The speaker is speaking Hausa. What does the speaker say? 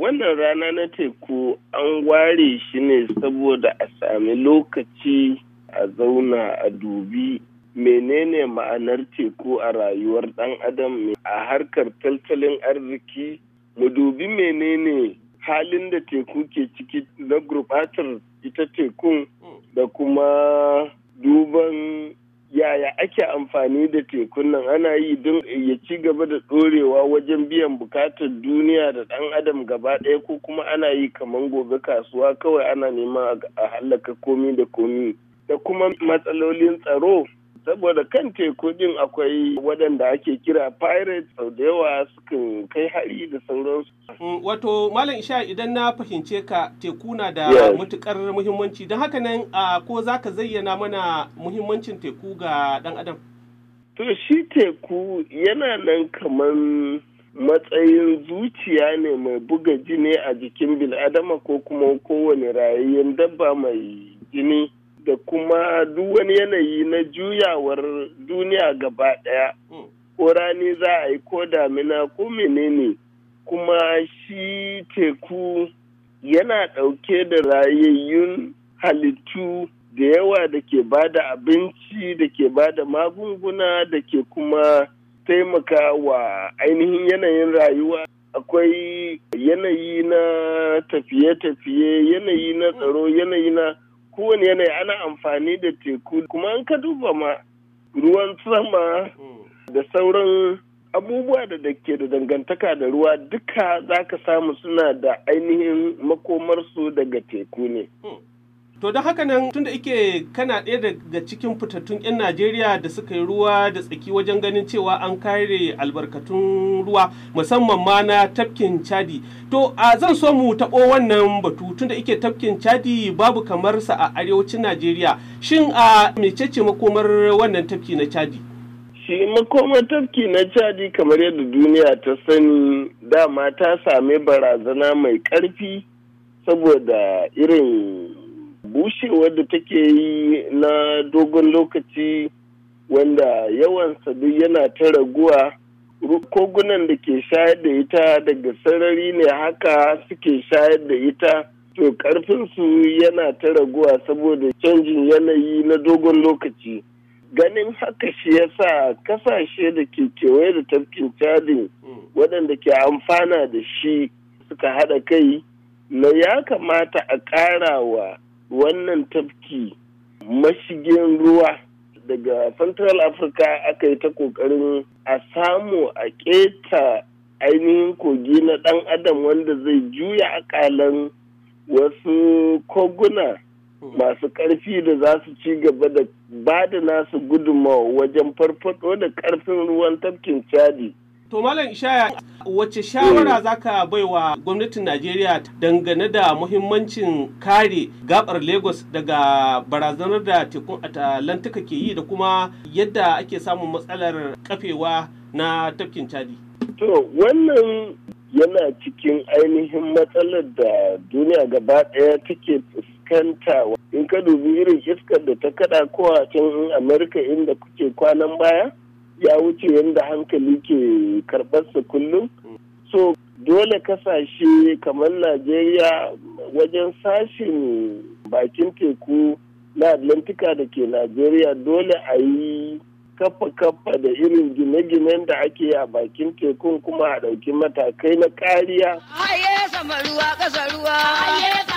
Wannan rana na teku an ware shi ne saboda a sami lokaci a zauna a dubi menene ma'anar teku a rayuwar ɗan adam a harkar tattalin arziki mu dubi menene halin da teku ke ciki na gurbatar ita tekun da kuma duban yaya ake amfani da tekun nan ana yi don ya ci gaba da ɗorewa wajen biyan bukatar duniya da ɗan adam gaba ɗaya ko kuma ana yi kamar gobe kasuwa kawai ana neman a hallaka komi da komi da kuma matsalolin tsaro saboda kan teku din akwai waɗanda ake kira pirates sau da yawa sukan kai hari da sauransu. wato malam isha idan na fahimce ka teku na da matukar muhimmanci don haka nan ko za ka zayyana mana muhimmancin teku ga ɗan adam to shi teku yana nan kamar matsayin zuciya ne mai buga jini a jikin bil'adama ko kuma kowane rayayyen dabba mai jini da kuma duk wani yanayi na juyawar duniya gaba ɗaya hmm. ko rani za a yi ko damina ko menene kuma shi teku yana ɗauke da rayayyun halittu da yawa da ke ba da abinci da ke ba da magunguna da ke kuma taimaka wa ainihin yanayin rayuwa akwai yanayi na tafiye-tafiye yanayi na tsaro yanayi na kowane yanayi ana amfani da teku kuma an ka duba ma ruwan sama da sauran abubuwa da da ke da dangantaka da ruwa duka za ka samu suna da ainihin makomarsu daga teku ne. To don haka nan tunda ike kana ɗaya daga cikin fitattun 'yan Najeriya da suka yi ruwa da tsaki wajen ganin cewa an kare albarkatun ruwa musamman ma na tafkin Chadi. To a zan so mu taɓo wannan batu tunda ike tafkin Chadi babu kamar sa a arewacin Najeriya. Shin a mecece makomar wannan tafki na Chadi? Shi makomar tafki na Chadi kamar yadda duniya ta sani dama ta sami barazana mai ƙarfi saboda irin bushewar da take yi na dogon lokaci wanda yawansa duk yana ta raguwa kogunan da ke shayar da ita daga sarari ne haka suke shayar da ita to su yana ta raguwa saboda canjin yanayi na dogon lokaci ganin haka shi yasa kasashe da ke kewaye da tafkin cadin waɗanda ke amfana da shi suka haɗa kai na ya kamata a ƙarawa. wannan tafki mashigin ruwa daga central africa aka yi ta kokarin. a samu a keta ainihin kogi na ɗan adam wanda zai juya akalan wasu koguna hmm. masu ƙarfi da za su ci gaba da ba da nasu gudunmawa wajen farfado da ƙarfin ruwan tafkin chadi. To Malam Ishaya wace shawara za zaka baiwa gwamnatin Najeriya dangane da muhimmancin kare gabar Lagos daga barazanar da tekun Atalantika ke yi da kuma yadda ake samun matsalar kafewa na tafkin Chadi. To wannan yana cikin ainihin matsalar da duniya gaba ɗaya take fuskanta in ka dubi irin iskar da ta kaɗa ko a can Amerika inda kuke kwanan baya. ya wuce yadda hankali ke karɓarsa kullum so dole kasashe kamar najeriya wajen sashen bakin teku na atlantika da ke najeriya dole a yi kafa-kafa da irin gine-ginen da ake a bakin tekun kuma a ɗauki matakai na kariya. ruwa, ruwa.